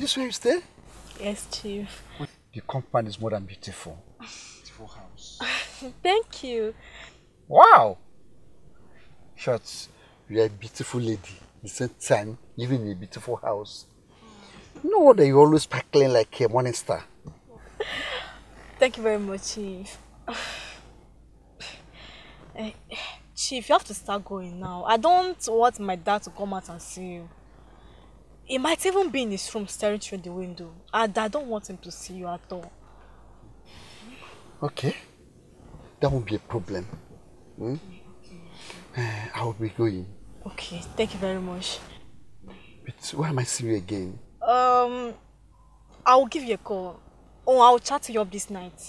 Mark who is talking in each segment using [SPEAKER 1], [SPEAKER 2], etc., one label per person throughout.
[SPEAKER 1] This where you stay? Yes, Chief.
[SPEAKER 2] The compound is more than beautiful. Beautiful
[SPEAKER 1] house. Thank you.
[SPEAKER 2] Wow! Shots, you're a beautiful lady. At the same time, living in a beautiful house. No wonder you're always sparkling like a morning star.
[SPEAKER 1] Thank you very much, Chief. Eh, Chief, you have to start going now. I don't want my dad to come out and see you. He might even be in his room staring through the window. And I don't want him to see you at all.
[SPEAKER 2] Okay. That won't be a problem. Hmm? Uh, eh, I will be going.
[SPEAKER 1] Okay, thank you very much.
[SPEAKER 2] But where am I seeing you again?
[SPEAKER 1] Um, I will give you a call. Or oh, I will chat to you up this night.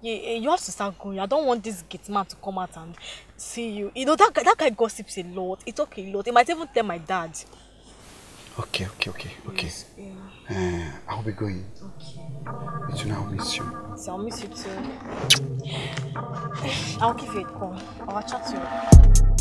[SPEAKER 1] You, you have to start going. I don't want this git man to come out and see you. You know, that, that guy gossips a lot. He talks a lot. He might even tell my dad.
[SPEAKER 2] Okay, okay, okay, okay. uh, I'll be going. Okay. But now I'll miss you.
[SPEAKER 1] So I'll miss you too. I'll give you a call. I'll chat to you.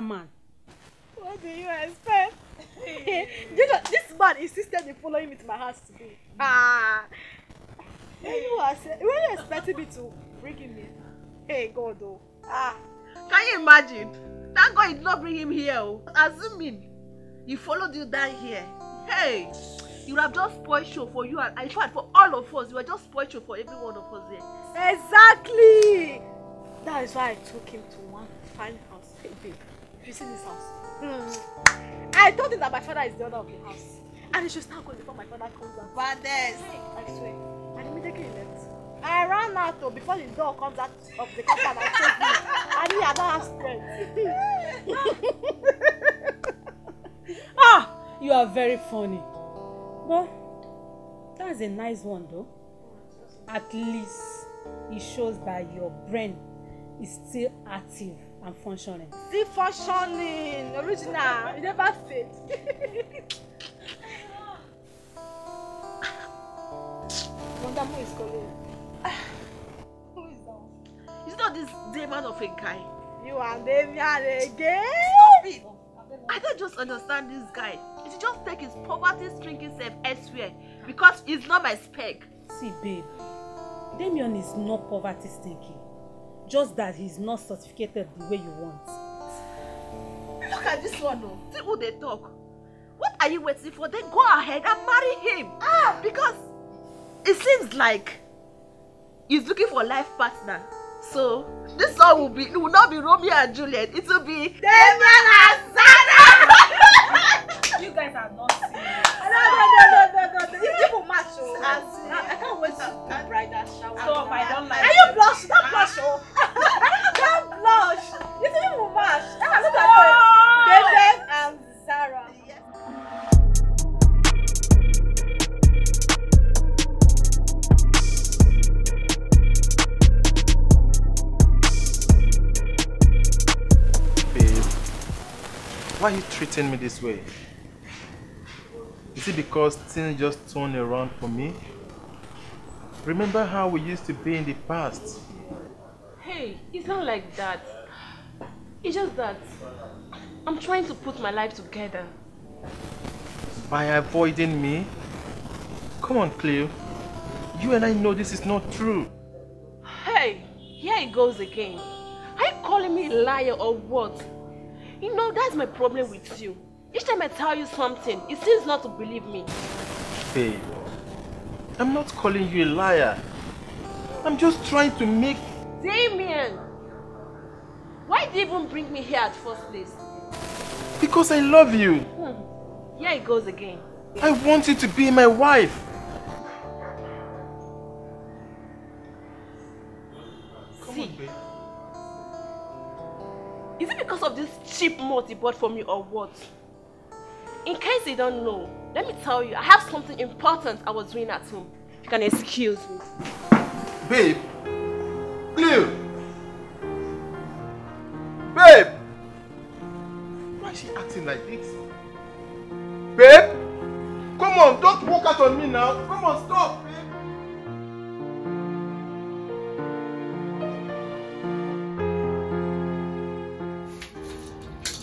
[SPEAKER 1] that man. What do you expect? you know, this man insisted in following me to my house today. Ah. When you, are, when you expected me to bring him here? Hey, God, oh. Ah. Can you imagine? Thank God did not bring him here. Oh. Assuming he followed you down here. Hey, you would have just spoiled show for you and in fact for all of us. You have just spoiled show for every one of us here. Exactly. That is why I took him to one fine house. Hey, you see house? Mm. I told him that my father is the owner of the house. And he should start going before my father comes out. Bandits! I swear. And immediately he left. I ran out though before the door comes out of the car and I told him. And he had not strength. ah! You are very funny. but that's a nice one though. At least it shows that your brain is still active. I'm functioning. See, functioning, original. You never fit. Wonder who is calling. Who is that? It's not this demon of a guy. You and Damian again. I don't just understand this guy. He should just take his poverty stricken self elsewhere because he's not my spec. See, babe, Damien is not poverty stinking. just that he's not certificated the way you want. Look at this one, oh. See who they talk. What are you waiting for? Then go ahead and marry him. Ah, because it seems like he's looking for a life partner. So this song will be it will not be Romeo and Juliet. It will be Damian and Zara. you guys are not serious. No, no, no, no, no, no. You people match. Oh. I can't wait to do bridal shower. I don't like. Are you blush? Don't ah. blush. Oh lush. This is even much. Ah, look at her. Bebe and Zara.
[SPEAKER 3] Babe, why are you treating me this way? Is it because things just turned around for me? Remember how we used to be in the past?
[SPEAKER 1] It's not like that. It's just that I'm trying to put my life together.
[SPEAKER 3] By avoiding me? Come on, Cleo. You and I know this is not true.
[SPEAKER 1] Hey, here it goes again. Are you calling me a liar or what? You know, that's my problem with you. Each time I tell you something, it seems not to believe me.
[SPEAKER 3] Hey, I'm not calling you a liar. I'm just trying to make
[SPEAKER 1] Damien! Why did you even bring me here at first place?
[SPEAKER 3] Because I love you.
[SPEAKER 1] Hmm. Here it goes again.
[SPEAKER 3] I want you to be my wife.
[SPEAKER 1] See, on, babe. is it because of this cheap malt you bought for me or what? In case you don't know, let me tell you, I have something important I was doing at home. You can
[SPEAKER 2] excuse me. Babe, you? Babe!
[SPEAKER 3] Why is she acting like this? Babe! Come on, don't walk out on me now. Come on, stop, babe.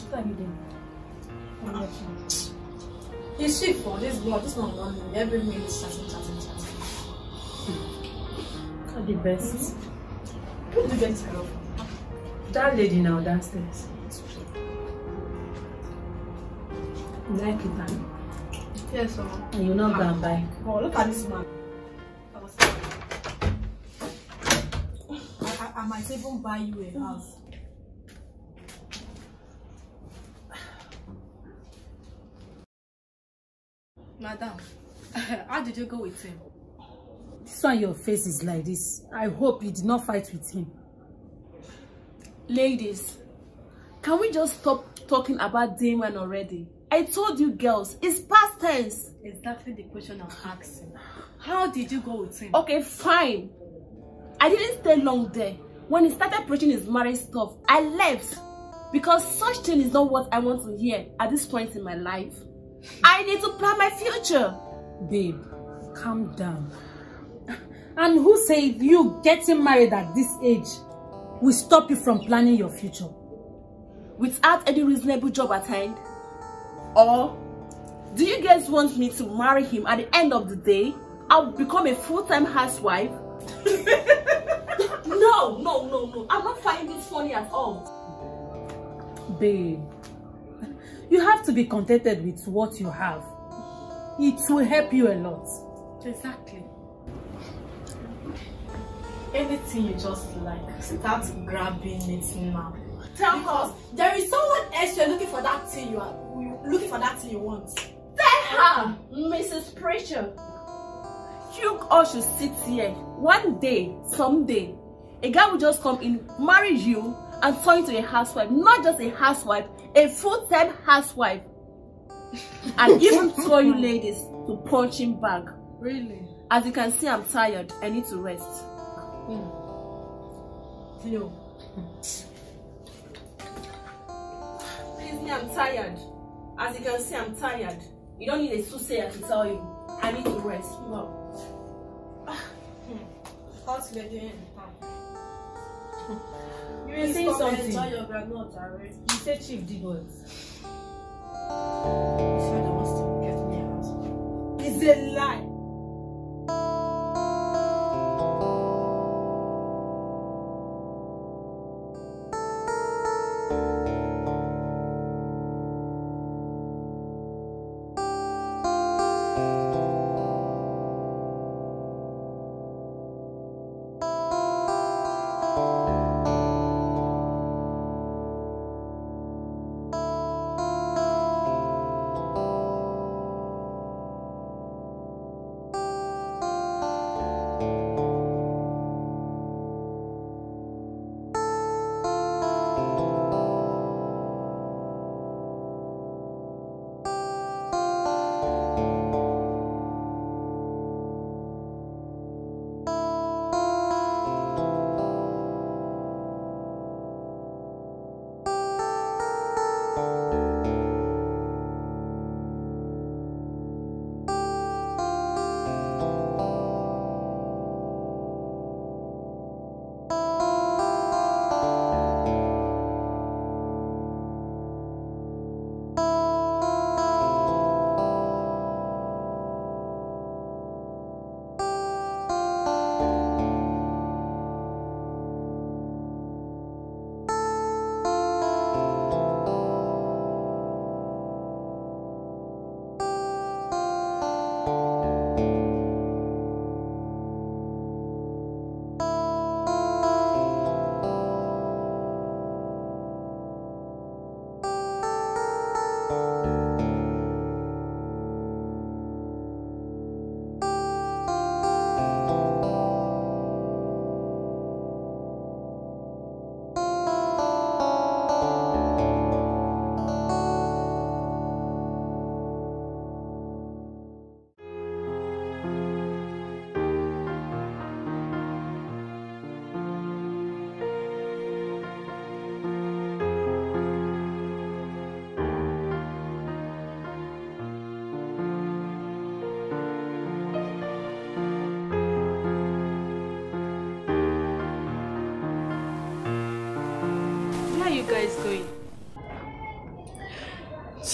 [SPEAKER 1] What are you doing? I'm watching. for this blood, this one running every minute, chatting, chatting, chatting. You're the best. Mm -hmm. That lady now downstairs. You like it, man? Yes, sir. And you're not going to buy. Ah. Oh, look at this man. I might even buy you a house. Madam, how did you go with him? why your face is like this. I hope you did not fight with him. Ladies, can we just stop talking about Damon already? I told you girls, it's past tense. Exactly the question I'm asking. How did you go with him? Okay, fine. I didn't stay long there. When he started preaching his marriage stuff, I left. Because such thing is not what I want to hear at this point in my life. I need to plan my future. Babe, calm down. And who said you getting married at this age will stop you from planning your future? Without any reasonable job at hand? Or do you guys want me to marry him at the end of the day? I'll become a full-time housewife? no, no, no, no. I'm not finding this funny at all. Babe, you have to be contented with what you have. It will help you a lot. Exactly anything you just like. Start grabbing it now. Tell because her. there is someone else you're looking for that thing you are looking for that thing you want. Tell her, Mrs. Preacher. You all should sit here. One day, someday, a guy will just come in, marry you, and turn into a housewife. Not just a housewife, a full-time housewife. and even tell you ladies to punch him back. Really? As you can see, I'm tired. I need to rest. You. Please me, I'm tired. As you can see, I'm tired. You don't need a soothsayer to tell you. I need to rest. No. Ah, hmm. How's are doing? Hmm. You were saying something. Enjoy your You said Chief did He said must get me It's a lie.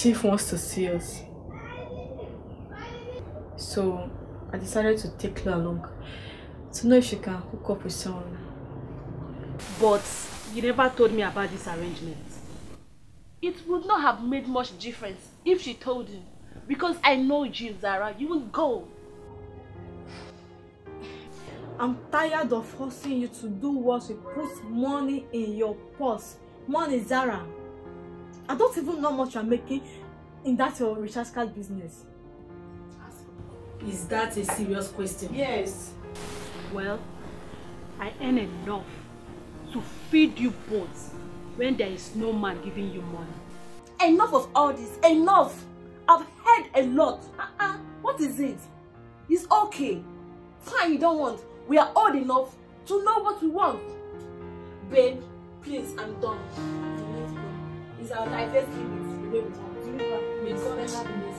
[SPEAKER 1] chief wants to see us. So I decided to take her along to know if she can hook up with someone. But you never told me about this arrangement. It would not have made much difference if she told you. Because I know you, Zara. You will go. I'm tired of forcing you to do what will put money in your purse. Money, Zara. I don't even know how much you're making in that your recharge card business. Is that a serious question? Yes. Well, I earn enough to feed you both when there is no man giving you money. Enough of all this. Enough. I've heard a lot. Uh-uh. What is it? It's okay. Fine, you don't want. We are old enough to know what we want. Babe, please, I'm done. out. I to give it. May God have mercy.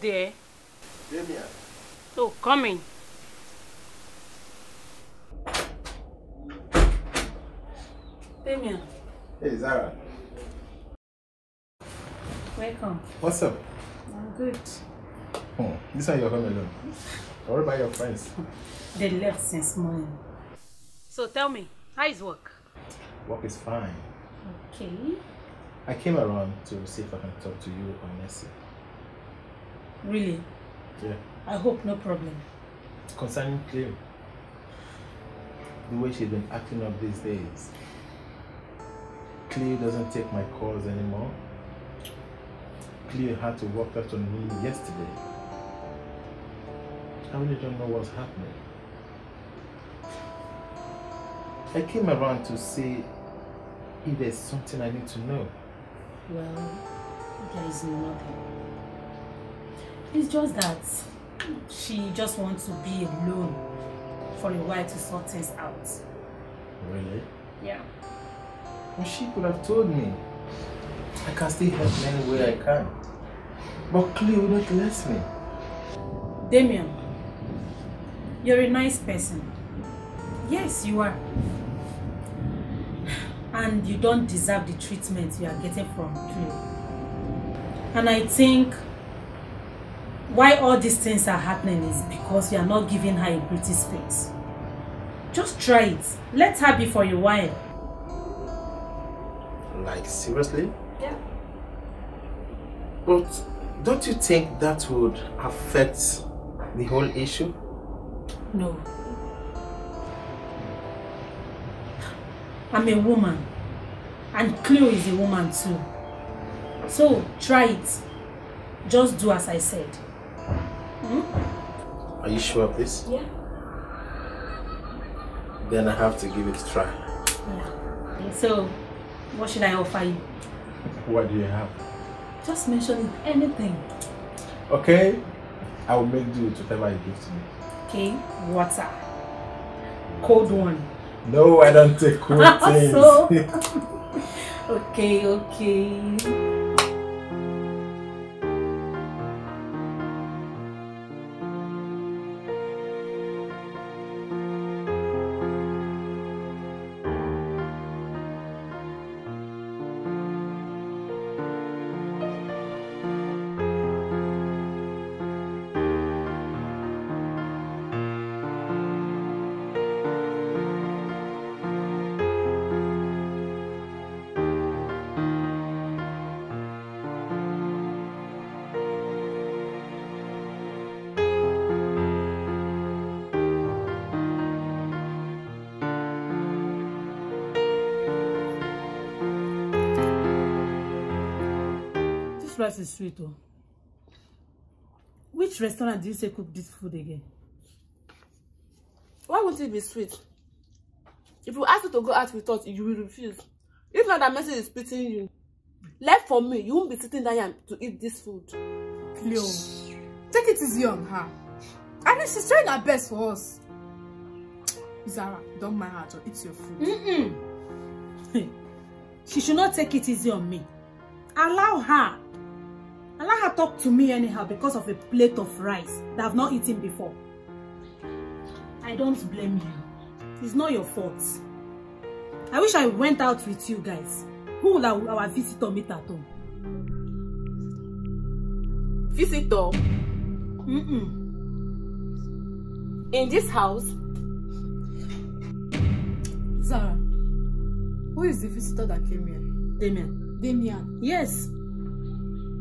[SPEAKER 1] there. Damien. Oh, come in. Damien. Hey, Zara. Welcome. What's up? I'm good.
[SPEAKER 3] Oh, this one you're home alone. What about your friends? They left since morning.
[SPEAKER 1] So tell me, how is work?
[SPEAKER 3] Work is fine. Okay. I came around to see if I can talk to you or Nessie. Really? Yeah.
[SPEAKER 1] I hope no problem.
[SPEAKER 3] Concerning claim, the way she's been acting up these days, Clay doesn't take my calls anymore. Clay had to walk out on me yesterday. I really don't know what's happening. I came around to see if there's something I need to know.
[SPEAKER 1] Well, there is nothing. It's just that she just wants to be alone for a while to sort things out. Really? Yeah.
[SPEAKER 3] Well, she could have told me. I can still help in any way I can. But Cleo wouldn't let me.
[SPEAKER 1] Damien, you're a nice person. Yes, you are. And you don't deserve the treatment you are getting from Cleo. And I think why all these things are happening is because you are not giving her a pretty space. Just try it. Let her be for a while.
[SPEAKER 3] Like, seriously? Yeah. But don't you think that would affect the whole issue?
[SPEAKER 1] No. I'm a woman. And Cleo is a woman too. So, try it. Just do as I said. Hmm?
[SPEAKER 3] Are you sure of this? Yeah. Then I have to give it a try.
[SPEAKER 1] Yeah. So, what should I offer you? What do you have? Just mention anything.
[SPEAKER 3] Okay, I will make do with whatever you give to me.
[SPEAKER 1] Okay, water. Cold one.
[SPEAKER 3] No, I don't take cold things.
[SPEAKER 1] okay, okay. rice is sweet oh which restaurant do you say cook this food again why won't it be sweet if you ask me to go out with us you will refuse if not that message is pitying you left for me you won't be sitting there here to eat this food cleo oh. take it easy on her i know she's trying her best for us zara don't mind her to eat your food mm -mm. she should not take it easy on me allow her allow her talk to me anyhow because of a plate of rice that I've not eaten before. I don't blame you. It's not your fault. I wish I went out with you guys. Who will our, our visitor meet at home? Visitor? Mm-mm. In this house? Zara, who is the visitor that came here? Damien. Damien? Yes.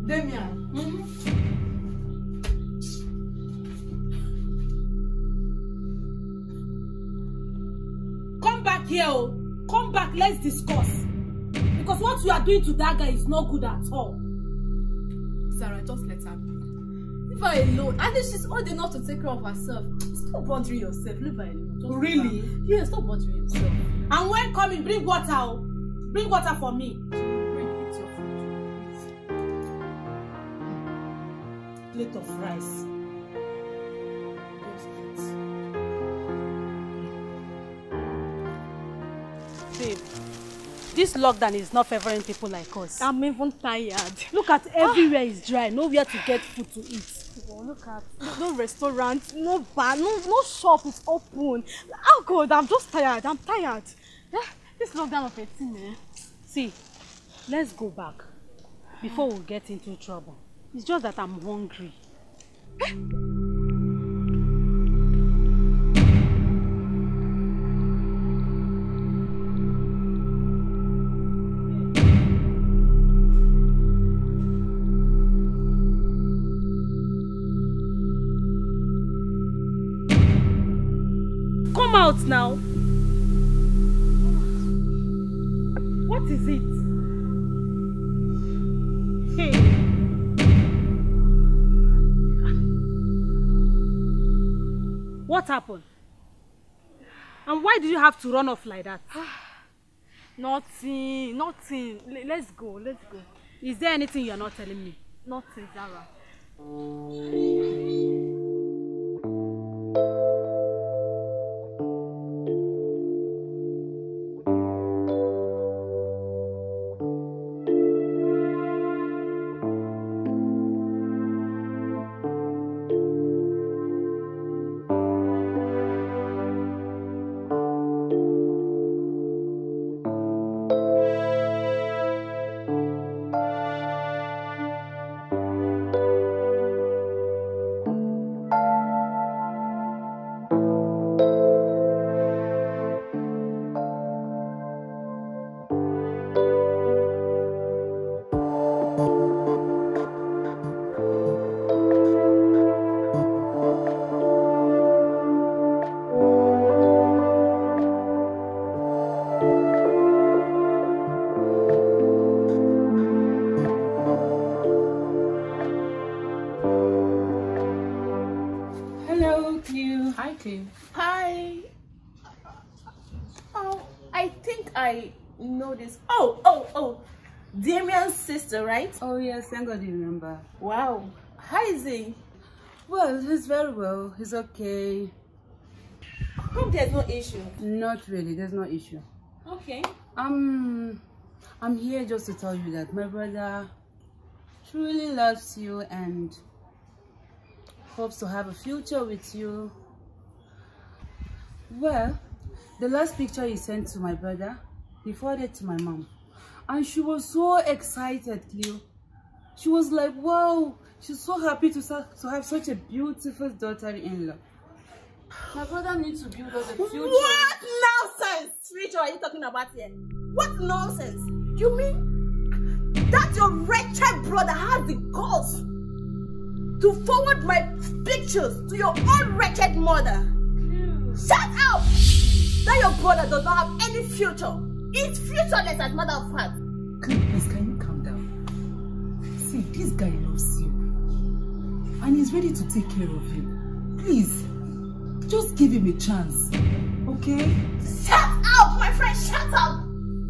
[SPEAKER 1] Damian. Mhm. Come back here, oh. Come back, let's discuss. Because what you are doing to that guy is not good at all. Sarah, just let her be. Leave her alone. I think she's old enough to take care of herself. Stop bothering yourself. Leave her alone. Just really? Her. Yeah, stop bothering yourself. And when coming, bring water. Oh. Bring water for me. plate of rice. this lockdown is not favoring people like us. I'm even tired. Look at ah. everywhere is dry, nowhere to get food to eat. Well, look at no, no restaurant, no bar, no, no shop is open. Oh God, I'm just tired. I'm tired. Yeah, this lockdown of a thing, eh? See, let's go back before we get into trouble. It's just that I'm hungry. Come out now. What is it? Hey. What happened? And why did you have to run off like that? nothing, nothing. L let's go, let's go. Is there anything you're not telling me? Nothing, Zara. Hello, Q. Hi, Q. Hi. Oh, I think I know this. Oh, oh, oh. Damien's sister, right? Oh, yes. Thank God you remember. Wow. How is he? Well, he's very well. He's okay. Hope there's no issue. Not really. There's no issue. Okay. Um, I'm here just to tell you that my brother truly loves you and hopes to have a future with you. Well, the last picture he sent to my brother, he forwarded to my mom. And she was so excited, Cleo. She was like, wow, she's so happy to, to have such a beautiful daughter-in-law. My brother needs to build us a future. What nonsense, Rachel, are you talking about here? What nonsense? You mean that your wretched brother had the guts to forward my pictures to your own wretched mother. Shut up! That your brother does not have any future. It's futureless as mother of fact. Please, can you calm down? See, this guy loves you. And he's ready to take care of you. Please, just give him a chance, okay? Shut up, my friend, shut up!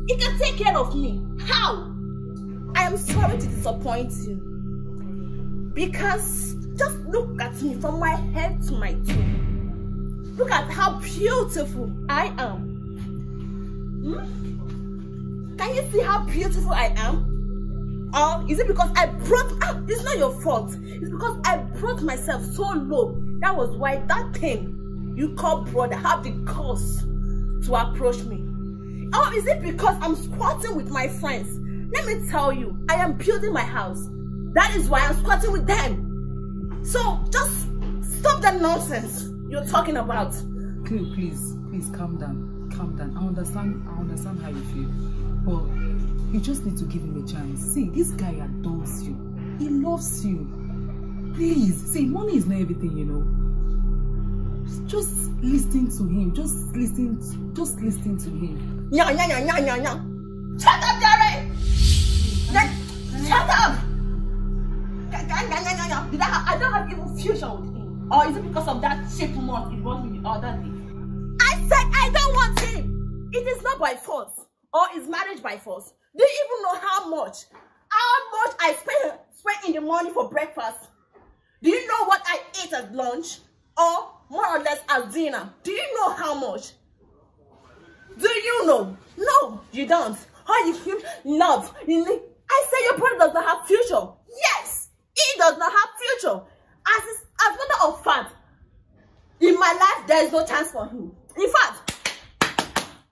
[SPEAKER 1] He can take care of me. How? I am sorry to disappoint you. Because just look at me from my head to my toe. Look at how beautiful I am. Hmm? Can you see how beautiful I am? Or is it because I brought, ah, it's not your fault. It's because I brought myself so low. That was why that thing you call brother had the cause to approach me. Or is it because I'm squatting with my friends? Let me tell you, I am building my house. That is why I'm squatting with them. So just stop that nonsense you're talking about. Please, please, please calm down. Calm down. I understand, I understand how you feel. But you just need to give him a chance. See, this guy adores you. He loves you. Please, see, money is not everything, you know just listen to him. Just listen. To, just listen to him. Yeah, yeah, yeah, yeah, yeah, yeah. Shut up, Jerry. I have, did I, have, I don't have even future with him. Or is it because of that cheap mouth he bought me the other day? I said I don't want him. It is not by force. Or is marriage by force? Do you even know how much? How much I spend, spend in the morning for breakfast? Do you know what I ate at lunch? Or more or less at dinner? Do you know how much? Do you know? No, you don't. How you feel love? I say your brother does not have future. Yes. He does not have future. As, is, as matter of fact, in my life, there is no chance for him. In fact,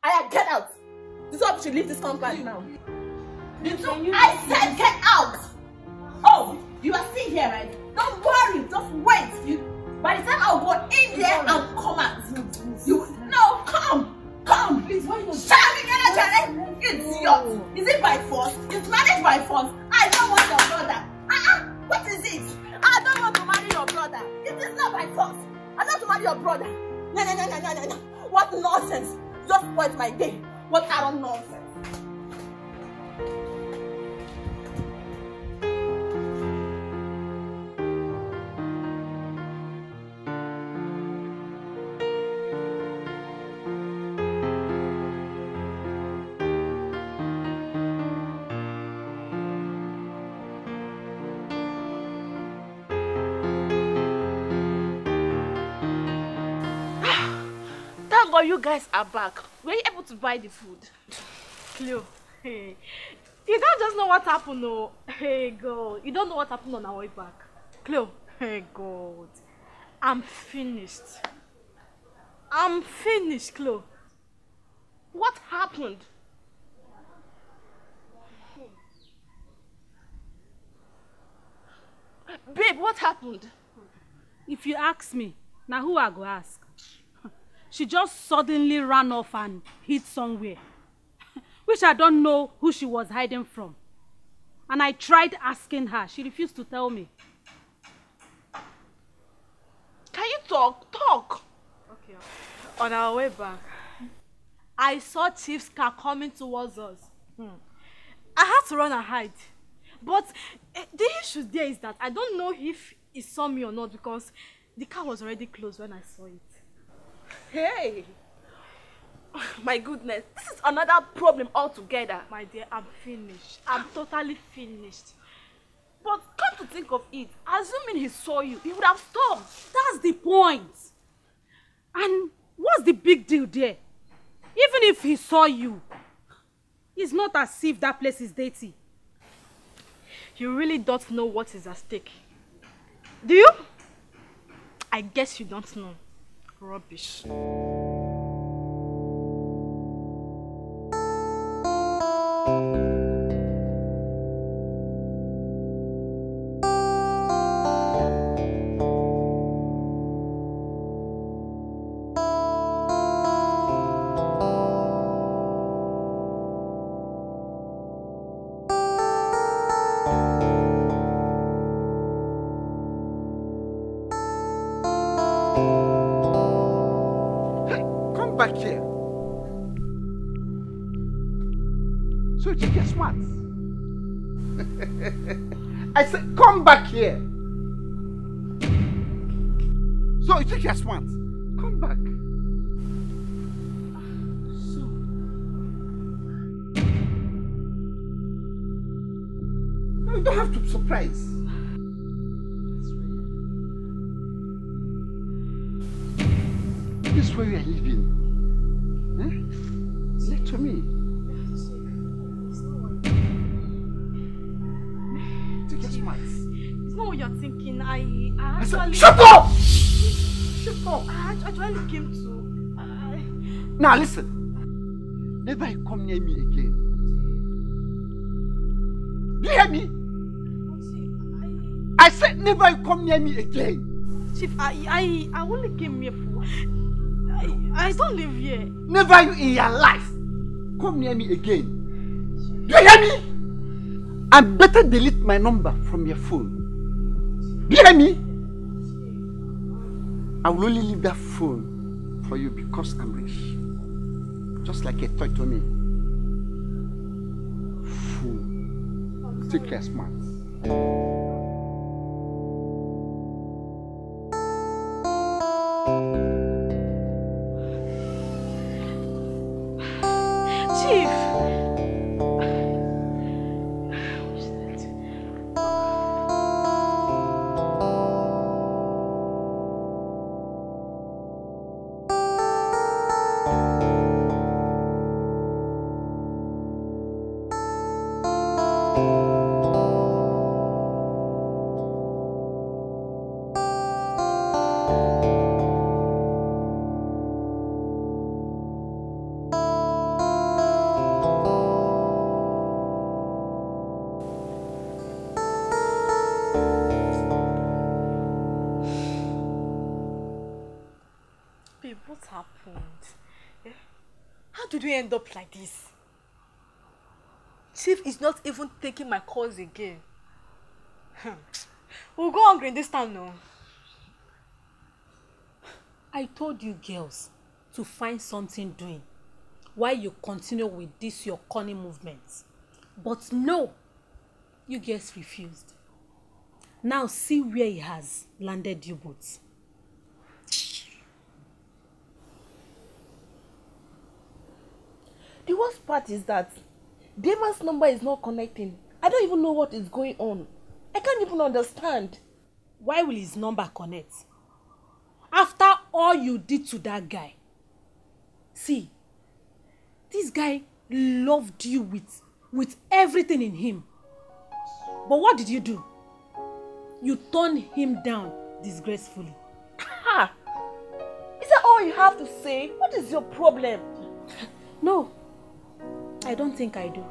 [SPEAKER 1] I am get out. This one should leave this compound now. You I said get out. Oh, you are still here, right? Don't worry, just wait. You, by the time I'll go in there and come out. You, no, come, come. Please, why you? it's yours. Idiot. Is it by force? It's managed by force. I don't want your brother. Uh -uh. What is it? I don't want to marry your brother. It is not my fault. I don't want to marry your brother. No, no, no, no, no, no. What nonsense. Just spoiled my day. What kind of nonsense? you guys are back. Were you able to buy the food? Cleo, hey, you don't just know what happened, no. Oh. Hey, girl, you don't know what happened on our way back. Cleo, hey, God, I'm finished. I'm finished, Cleo. What happened? Babe, what happened? If you ask me, now who I go ask? she just suddenly ran off and hid somewhere, which I don't know who she was hiding from. And I tried asking her. She refused to tell me. Can you talk? Talk. Okay. On our way back, I saw Chief's car coming towards us. Hmm. I had to run and hide. But eh, the issue there is that I don't know if he saw me or not because the car was already closed when I saw it. Hey! My goodness, this is another problem altogether. My dear, I'm finished. I'm totally finished. But come to think of it, assuming he saw you, he would have stopped. That's the point. And what's the big deal there? Even if he saw you, it's not as if that place is dirty. You really don't know what is at stake. Do you? I guess you don't know rubbish.
[SPEAKER 2] just once. Now listen. Never you come near me again. Do you hear me? I said never you come near me again.
[SPEAKER 1] Chief, I I, I only came here for I, I don't live here. Never you in your life
[SPEAKER 2] come near me again. Do you hear me? I better delete my number from your phone. Do you hear me? I will only leave that phone for you because I'm rich. just like a toy to me. Fool. Take care, smart.
[SPEAKER 1] taking my calls again. Hmm. we'll go hungry this time now. I told you girls to find something doing while you continue with this your cunning movement. But no, you girls refused. Now see where he has landed you both. The worst part is that Demon's number is not connecting. I don't even know what is going on. I can't even understand. Why will his number connect? After all you did to that guy. See, this guy loved you with, with everything in him. But what did you do? You turned him down disgracefully. Ha! Ah! Is that all you have to say? What is your problem? no, I don't think I do.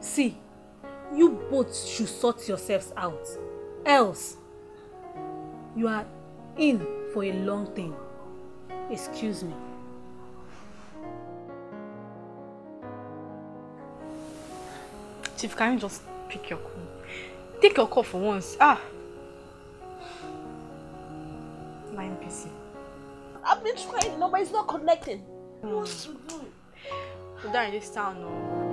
[SPEAKER 1] See, you both should sort yourselves out. Else, you are in for a long thing. Excuse me. Chief, can you just pick your call? Take your call for once. Ah! Line PC. I've been trying, no, but it's not connecting. Mm. What's to do? 第でしたあの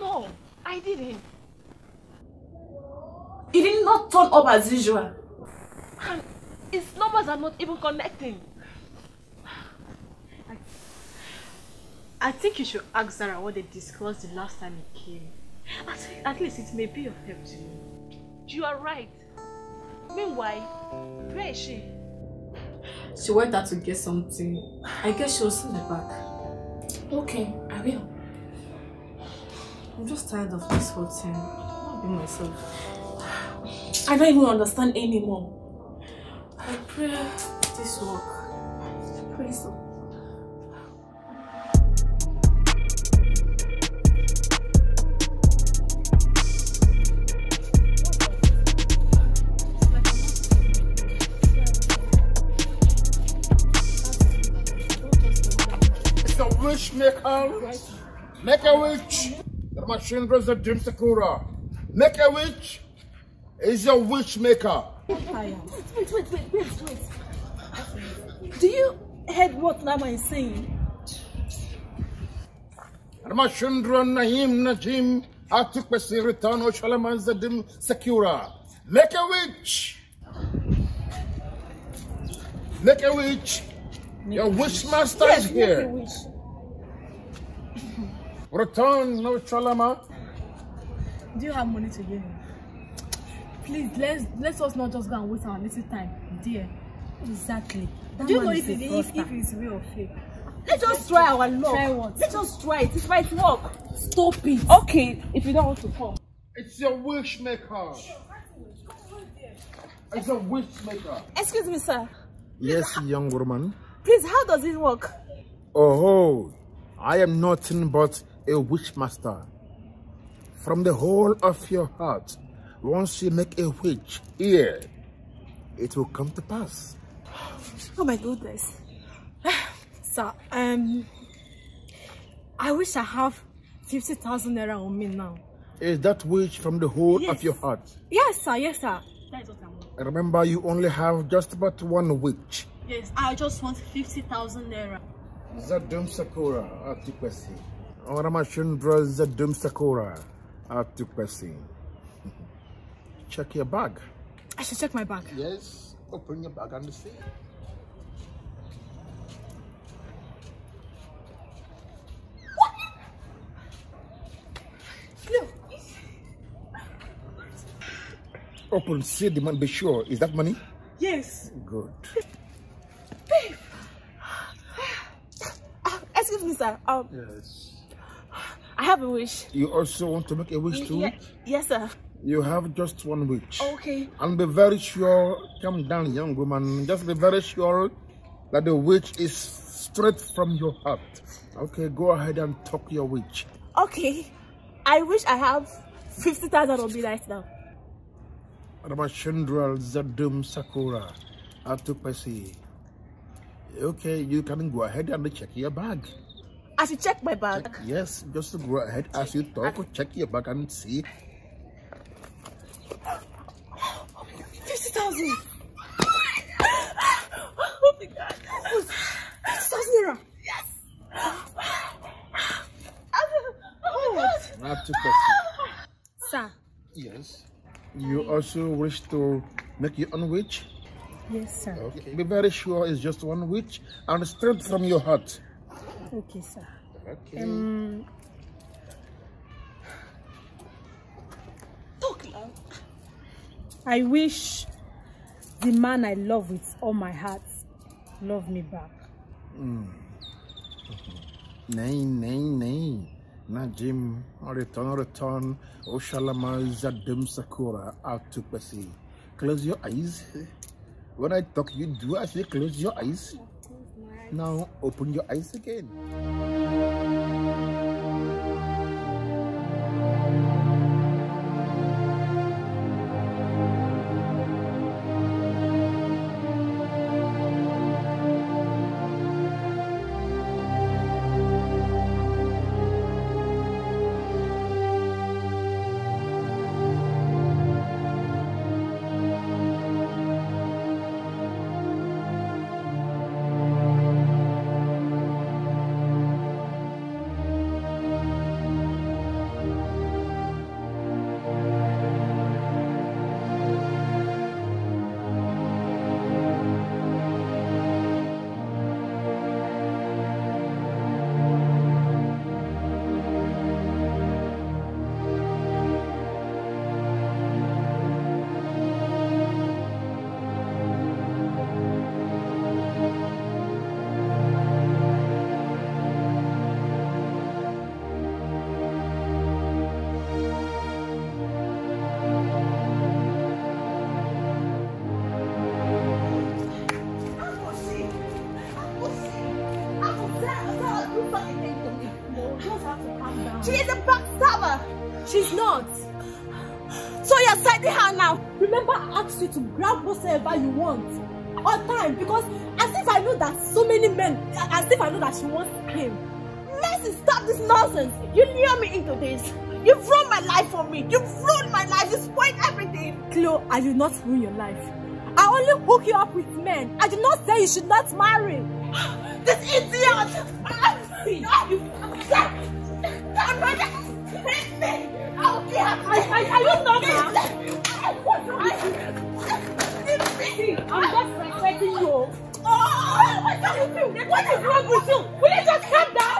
[SPEAKER 1] No, I didn't. He did not turn up as usual. Man, his numbers are not even connecting. I, I think you should ask Zara what they discussed the last time he came. At, at least it may be of help to you. You are right. Meanwhile, where is she? She went out to get something. I guess she was in the back. Okay, I will. I'm just tired of this whole thing. I am not being myself. I don't even understand anymore. I pray this work. I pray so.
[SPEAKER 2] It's a wish maker. Make a wish the machine the Jim Sakura. Make a witch is a witch maker. Wait, wait, wait, wait, wait. Do you hear what Lama is saying? Ramachandran Naim Najim Atukwesi return Oshalaman Zadim Sakura. Make a witch. Make a witch. Your witch master is here. Return, no chalama.
[SPEAKER 1] Do you have money to give Please,
[SPEAKER 2] let's, let
[SPEAKER 1] us not just go and waste our little time, dear. Exactly. That Do you know if, if it's real or fake? Let's just try our luck. Try what? Let's just try it. It might work. Stop it. Okay, if you don't want to come. It's your wish maker. It's a wish maker. Excuse me, sir.
[SPEAKER 2] Yes, young woman. Please, how does it work? Oh, I am nothing but a witch master from the whole of your heart. Once you make a wish here, it will come to pass.
[SPEAKER 1] Oh my goodness. Sir, um, I wish I have 50,000 naira on me now.
[SPEAKER 2] Is that wish from the whole yes. of your heart?
[SPEAKER 1] Yes, sir. Yes, sir. That is what I want.
[SPEAKER 2] Remember, you only have just about one wish.
[SPEAKER 1] Yes, I just want 50,000
[SPEAKER 2] naira. Zadum Sakura the question. Orama Shundra Doom Sakura out to Percy. Check your bag. I should check my bag. Yes, open your bag and see. Look. Open, see the man, be sure. Is that money? Yes. Good. Babe!
[SPEAKER 1] Ah, excuse me, sir. Um, yes. I have a wish.
[SPEAKER 2] You also want to make a wish too? Ye yes, sir. You have just one wish. Okay. And be very sure, come down, young woman. Just be very sure that the wish is straight from your heart. Okay, go ahead and talk your wish.
[SPEAKER 1] Okay. I wish I have 50,000 rupees right now.
[SPEAKER 2] Ramachandral Zadum Sakura Atupasi. Okay, you can go ahead and check your bag. I should check my bag. Check, yes, just go ahead as you talk. I, check your bag and see.
[SPEAKER 1] Fifty thousand. oh my god. naira. Yes. Oh I have Sir.
[SPEAKER 2] Yes. You also wish to make your own witch? Yes, sir. Okay. Be very sure it's just one witch and straight from your heart
[SPEAKER 1] okay.
[SPEAKER 2] um,
[SPEAKER 1] talk loud i wish the man i love with all my heart love me back
[SPEAKER 2] hmm. nay nay nay Najim, return, return, Oshalama Zadim Sakura, out to Kwesi. Close your eyes. When I talk, you do as you close your eyes. Now open your eyes again.
[SPEAKER 1] to grab whatever you want all time because as if I know that so many men, as if I know that she wants him. Let's stop this nonsense. You lure me into this. You've ruined my life for me. You've ruined my life. You spoiled everything. Chloe, I did not ruin your life. I only hook you up with men. I did not say you should not marry. this idiot! See, you... I'm not... Listen! I'll be happy! Are you normal? I'm just respecting you. Oh, what is wrong with you? Will you just calm down?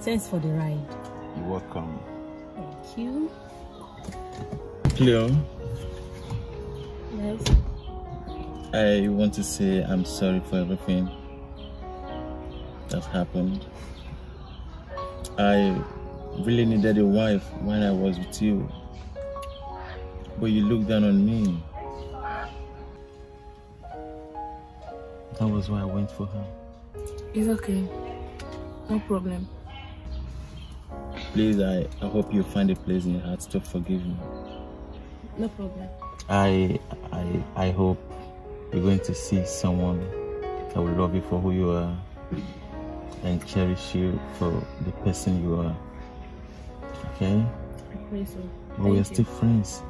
[SPEAKER 1] Thanks for the ride.
[SPEAKER 3] You're welcome.
[SPEAKER 1] Thank you. Cleo. Yes.
[SPEAKER 3] I want to say I'm sorry for everything that happened. I really needed a wife when I was with you, but you looked down on me. That was why I went for her.
[SPEAKER 1] It's okay. No problem.
[SPEAKER 3] Please, I, I hope you find a place in your heart to forgive me. No problem. I I I hope you're going to see someone that will love you for who you are and cherish you for the person you are. Okay? I pray so. But we're you. still friends.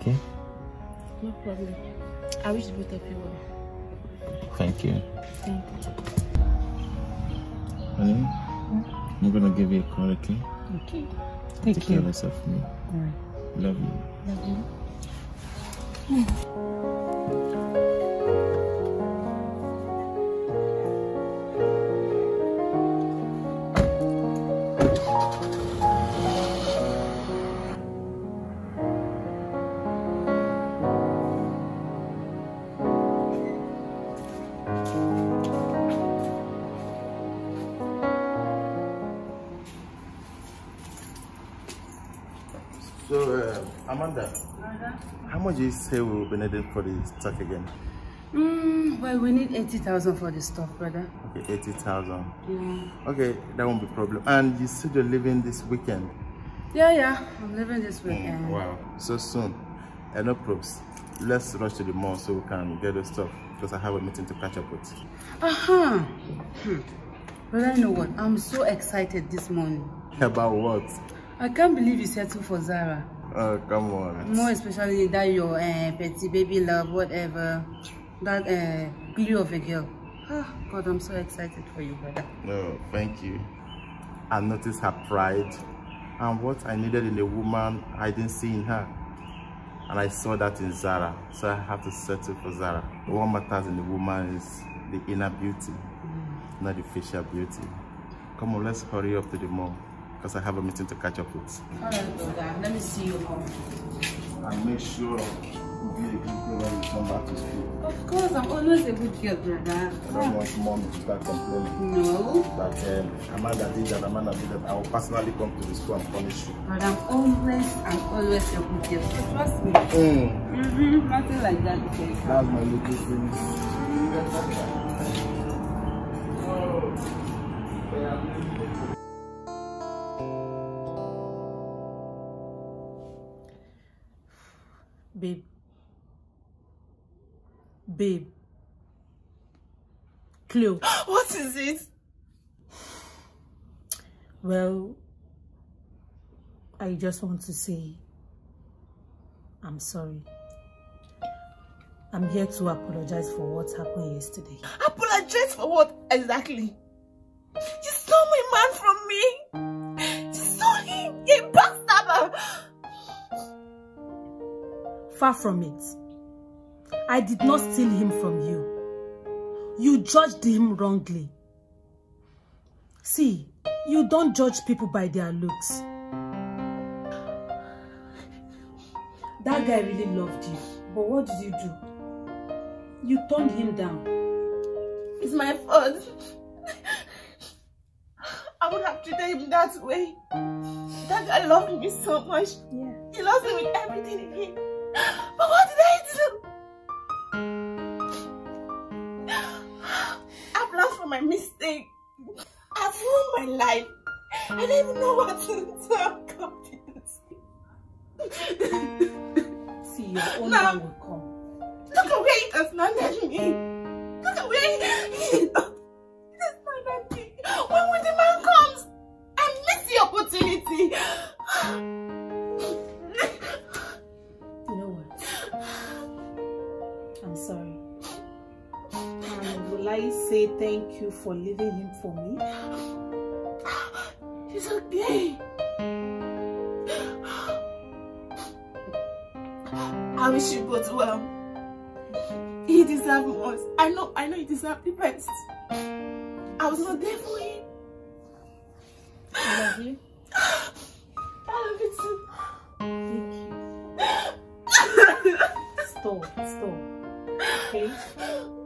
[SPEAKER 3] Okay?
[SPEAKER 1] No problem. I wish both of you well. Thank you. Thank you.
[SPEAKER 3] Honey, right? I'm gonna give you a call, okay? Okay. Thank Take you. Take care of yourself, me. All right. Love you. Love you. Hmm. much you say we will be needing for the stock again?
[SPEAKER 1] Mm, well, we need 80,000 for the stuff, brother.
[SPEAKER 3] Okay, 80,000.
[SPEAKER 1] Yeah.
[SPEAKER 3] Okay, that won't be a problem. And you said you're leaving this weekend?
[SPEAKER 1] Yeah, yeah, I'm leaving this mm, weekend. Mm, wow,
[SPEAKER 3] so soon. And eh, no props. Let's rush to the mall so we can get the stuff because I have a meeting to catch up with. Uh-huh. Hmm.
[SPEAKER 1] Brother, you know what? I'm so excited this morning.
[SPEAKER 3] About what?
[SPEAKER 1] I can't believe you settled for Zara.
[SPEAKER 3] Oh, come on. More
[SPEAKER 1] especially that your uh, petty baby love, whatever, that uh, glue of a girl. Oh, God, I'm so excited for you, brother.
[SPEAKER 3] No, thank you. I noticed her pride and what I needed in a woman, I didn't see in her. And I saw that in Zara, so I have to settle for Zara. What matters in a woman is the inner beauty, mm. not the facial beauty. Come on, let's hurry up to the mall because I have a meeting to catch up with.
[SPEAKER 1] All right, brother. Let me see you home.
[SPEAKER 3] And make sure you be a good girl when you come back to school.
[SPEAKER 1] Of course, I'm always a good girl, brother. I don't ah.
[SPEAKER 3] want mom to start complaining. No. That um, Amanda did that, Amanda did that. I will personally come to the school and punish you.
[SPEAKER 1] But I'm always, I'm always a good girl. So trust me. Mm. Mm -hmm. Nothing like that. Okay?
[SPEAKER 2] That's my little thing.
[SPEAKER 3] Mm-hmm.
[SPEAKER 1] babe. Cleo. what is it? Well, I just want to say I'm sorry. I'm here to apologize for what happened yesterday. Apologize for what exactly? You stole my man from me! You stole him! You bastard! Far from it. I did not steal him from you. You judged him wrongly. See, you don't judge people by their looks. That guy really loved you. But what did you do? You turned him down. It's my fault. I would have treated him that way. That guy loved me so much. Yeah. He loves me with everything in him. But for my mistake. I've ruined my life. I don't even know what to do. i See, your own now, man will come. Look at where he has not me. Look at where he, has does me. When, when the man comes, I miss the opportunity. say thank you for leaving him for me. He's okay. I wish you both well. He deserves more. I know, I know he deserves the best. I was not there for him. I love you. I love you too. Thank you. stop, stop. Okay?